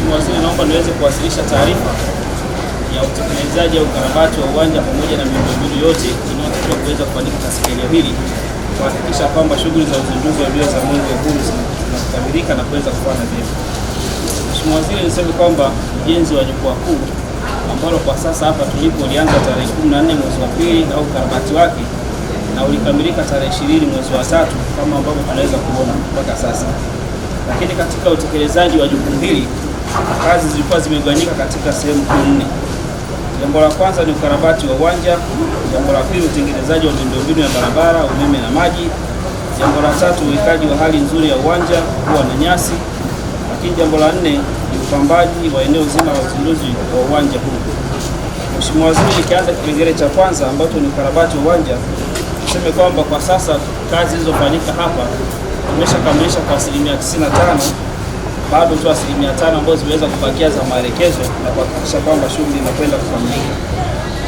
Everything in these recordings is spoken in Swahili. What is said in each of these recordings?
Mheshimiwa Waziri, naomba niweze kuwasilisha taarifa ya utekelezaji au ukarabati wa uwanja pamoja na miundombinu yote inayotakiwa kuweza kufanyika katika eneo hili kuhakikisha kwamba shughuli za uzinduzi wa mbio za mwenge wa uhuru zinakamilika na kuweza kufanya vyema. Mheshimiwa Waziri, niseme kwamba ujenzi wa jukwaa kuu ambalo kwa sasa hapa tulipo ulianza tarehe 14 mwezi wa pili au ukarabati wake na ulikamilika tarehe 20 mwezi wa tatu kama ambavyo tunaweza kuona mpaka sasa, lakini katika utekelezaji wa jukumu hili kazi zilikuwa zimegawanyika katika sehemu kuu nne. Jambo la kwanza ni ukarabati wa uwanja, jambo la pili utengenezaji wa miundombinu ya barabara, umeme na maji, jambo la tatu uwekaji wa hali nzuri ya uwanja kuwa na nyasi, lakini jambo la nne ni upambaji wa eneo zima la uzinduzi wa uwanja huu. Mheshimiwa Waziri, nikianza kipengele cha kwanza ambacho ni ukarabati wa uwanja, tuseme kwamba kwa sasa kazi zilizofanyika hapa tumeshakamilisha kwa asilimia 95 bado tu asilimia tano ambazo zimeweza kubakia za maelekezo na kuhakikisha kwamba shughuli inakwenda kukamilika.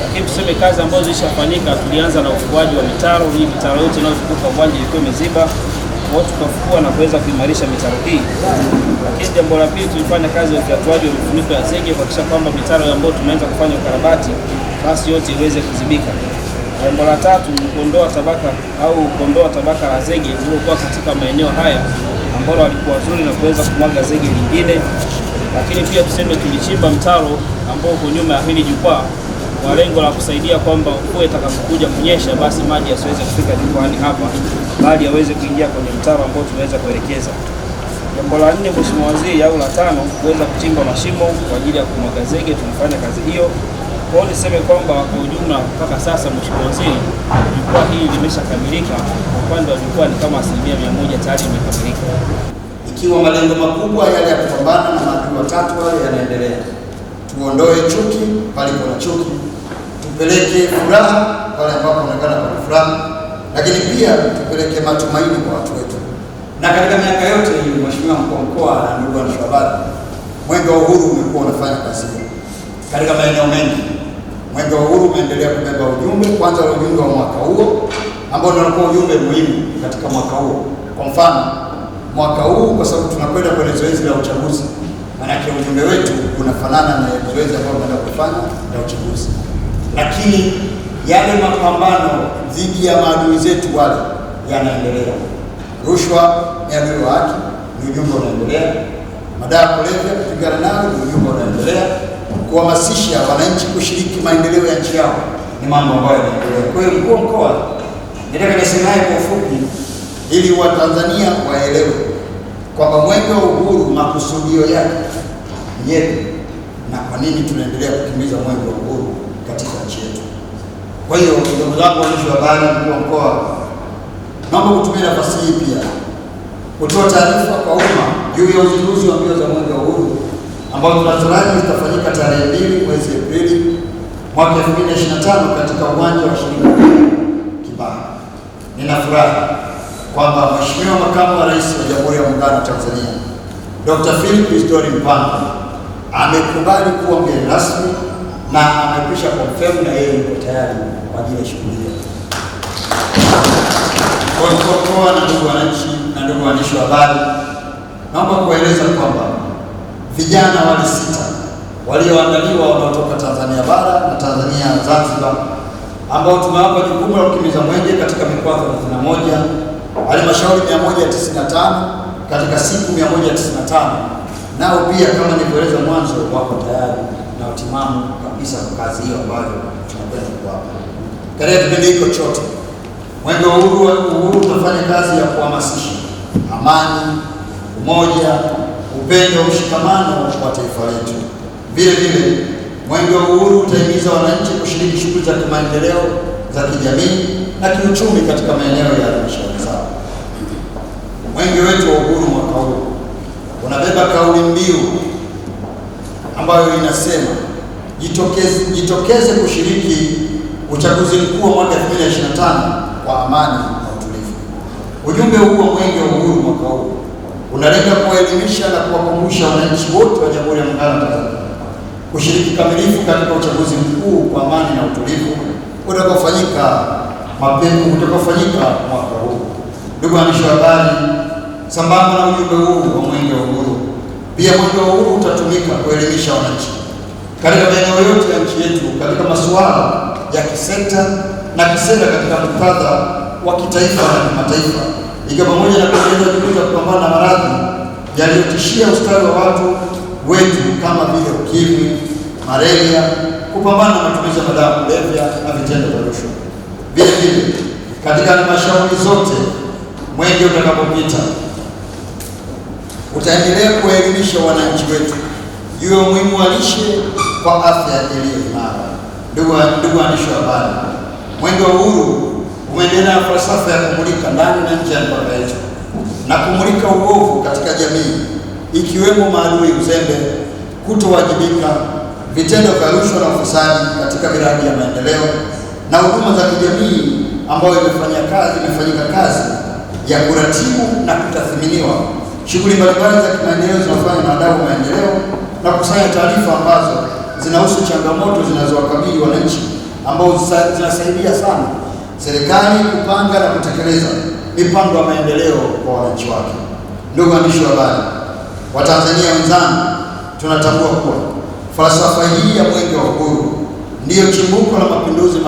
Lakini tuseme kazi ambazo zilishafanyika, tulianza na ufukuaji wa mitaro. Hii mitaro yote inayozunguka uwanja ilikuwa imeziba, watu hiyo tukafukua na kuweza kuimarisha mitaro hii. Lakini jambo la pili, tulifanya kazi ya ufyatuaji wa mifuniko ya zege kuhakikisha kwamba mitaro ambayo tumeanza kufanya ukarabati basi yote iweze kuzibika. Jambo la tatu ni kuondoa tabaka au kuondoa tabaka la zege lililokuwa katika maeneo haya ambalo walikuwa wazuri na kuweza kumwaga zege lingine, lakini pia tuseme tulichimba mtaro ambao uko nyuma ya hili jukwaa kwa lengo la kusaidia kwamba mvua itakapokuja kunyesha, basi maji yasiweze kufika jukwaani hapa, bali yaweze kuingia kwenye mtaro ambao tumeweza kuelekeza. Jambo la nne, Mheshimiwa Waziri, au la tano, kuweza kuchimba mashimo kwa ajili ya kumwaga zege. Tumefanya kazi hiyo. Kwa hiyo niseme kwamba kwa ujumla mpaka sasa, Mheshimiwa Waziri, jukwaa hili limeshakamilika kwa upande wa jukwaa ni kama asilimia mia moja tayari imekamilika, ikiwa malengo makubwa yale ya kupambana na maadui watatu wale yanaendelea. Tuondoe chuki palipo na chuki, tupeleke furaha pale ambapo inaonekana kuna furaha, lakini pia tupeleke matumaini kwa watu wetu. Na katika miaka yote hii, Mheshimiwa mkuu wa mkoa na ndugu waandishi wa mwenge wa uhuru umekuwa unafanya kazi katika maeneo mengi Mwenge wa Uhuru umeendelea kubeba ujumbe kwanza ni ujumbe wa mwaka huo ambao ndio ulikuwa ujumbe muhimu katika mwaka huo. Kwa mfano, mwaka huu kwa sababu tunakwenda kwenye zoezi la uchaguzi, maanake ujumbe wetu unafanana na zoezi ambalo tunaenda kufanya la uchaguzi, lakini yale mapambano dhidi ya maadui zetu wale yanaendelea. Rushwa, nyadui wa haki, ni ujumbe unaendelea. Madawa kulevya kuhamasisha wananchi kushiriki maendeleo ya nchi yao ni mambo ambayo yanaendelea. Kwa hiyo mkuu wa mkoa nataka niseme haya kwa ufupi ili Watanzania waelewe kwamba mwenge wa uhuru makusudio yake yetu na kwa nini tunaendelea kukimbiza mwenge wa uhuru katika nchi yetu. Kwa hiyo ndugu zangu waandishi wa habari, mkuu wa mkoa, naomba kutumia nafasi hii pia kutoa taarifa kwa umma juu ya uzinduzi wa mbio za mwenge wa uhuru ambazo tunatarajia zitafanyika tarehe mbili mwezi Aprili mwaka 2025 katika uwanja wa shirika Kibaha. Nina furaha kwamba Mheshimiwa Makamu wa Rais wa Jamhuri ya Muungano wa Tanzania Dr. Philip Isdori Mpango amekubali kuwa mgeni rasmi na amekwisha confirm na yeye yuko tayari kwa ajili ya shughuli hiyo. Kwa kuokoa na ndugu wananchi na ndugu waandishi wa habari, naomba kueleza kwamba vijana wale sita walioandaliwa wanaotoka Tanzania bara na Tanzania Zanzibar, ambao tumewapa jukumu la kukimbiza mwenge katika mikoa 31 halmashauri 195 katika siku 195, nao pia kama nilivyoeleza mwanzo, wako tayari na utimamu kabisa kwa kazi hiyo ambayo tunakwenda kuwapa katika kipindi hiko chote. Mwenge wa Uhuru utafanya kazi ya kuhamasisha amani, umoja upendo, mshikamano wa taifa letu. Vile vile mwenge wa uhuru utahimiza wananchi kushiriki shughuli za kimaendeleo za kijamii na kiuchumi katika maeneo ya halmashauri zao. Mwenge wetu wa uhuru mwaka huu unabeba kauli mbiu ambayo inasema jitokeze, jitokeze kushiriki uchaguzi mkuu wa mwaka 2025 kwa amani na utulivu. Ujumbe huu wa mwenge wa uhuru mwaka huu unalenga kuwaelimisha kuwashirikisha wananchi wote wa Jamhuri ya Muungano wa Tanzania kushiriki kamilifu katika uchaguzi mkuu kwa amani na utulivu utakaofanyika mapema utakaofanyika mwaka huu. Ndugu waandishi wa habari, sambamba na ujumbe huu wa Mwenge wa Uhuru, pia Mwenge wa Uhuru utatumika kuelimisha wananchi katika maeneo yote ya nchi yetu katika masuala ya kisekta na kisera katika muktadha wa kitaifa na kimataifa, ikiwa pamoja na kuendeleza juhudi za kupambana na maradhi yaliyotishia ustawi wa watu wetu kama vile ukimwi, malaria, kupambana na matumizi ya madawa kulevya na vitendo vya rushwa. Vile vile katika halmashauri zote, mwenge utakapopita utaendelea kuwaelimisha wananchi wetu juu ya umuhimu wa lishe kwa afya iliyo imara. Ndugu waandishi wa habari, mwenge wa uhuru umeendelea na falsafa ya kumulika ndani na nje ya mipaka yetu na kumulika uovu katika jamii, ikiwemo maadui, uzembe, kutowajibika, vitendo vya rushwa na ufisadi katika miradi ya maendeleo na huduma za kijamii ambayo imefanyika kazi ya kuratibu na kutathiminiwa shughuli mbalimbali za kimaendeleo zinazofanywa na wadau wa maendeleo na kusanya taarifa ambazo zinahusu changamoto zinazowakabili wananchi, ambao zinasaidia sana serikali kupanga na kutekeleza mipango ya maendeleo kwa wananchi wake. Ndugu waandishi wa habari, Watanzania wenzangu, tunatambua kuwa falsafa hii ya mwenge wa uhuru ndiyo chimbuko la mapinduzi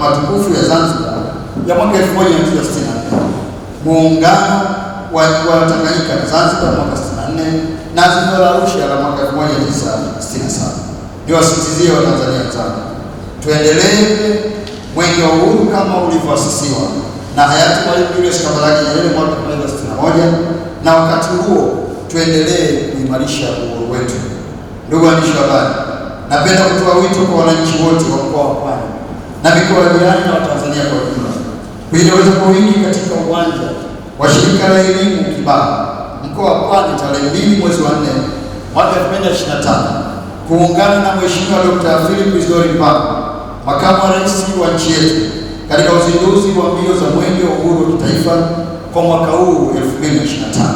matukufu ya Zanzibar ya mwaka 1964 muungano wa Tanganyika na Zanzibar mwaka 64 na azimio la Arusha la mwaka 1967. Niwasisitizie Watanzania wenzangu, tuendelee mwenge wa uhuru kama ulivyoasisiwa na hayati Mwalimu Julius Kambarage Nyerere mwaka 1961, na wakati huo tuendelee kuimarisha uhuru wetu. Ndugu waandishi wa habari, napenda kutoa wito kwa wananchi wote wa mkoa wa Pwani na mikoa jirani na Watanzania kwa ujumla kujitokeza kwa wingi katika uwanja wa shirika la elimu Kibaha mkoa wa Pwani tarehe mbili mwezi wa nne mwaka 2025 kuungana na Mheshimiwa Dr. Philip Isdori Mpango makamu wa rais wa nchi yetu katika uzinduzi wa mbio za Mwenge wa Uhuru wa Kitaifa kwa mwaka huu 2025.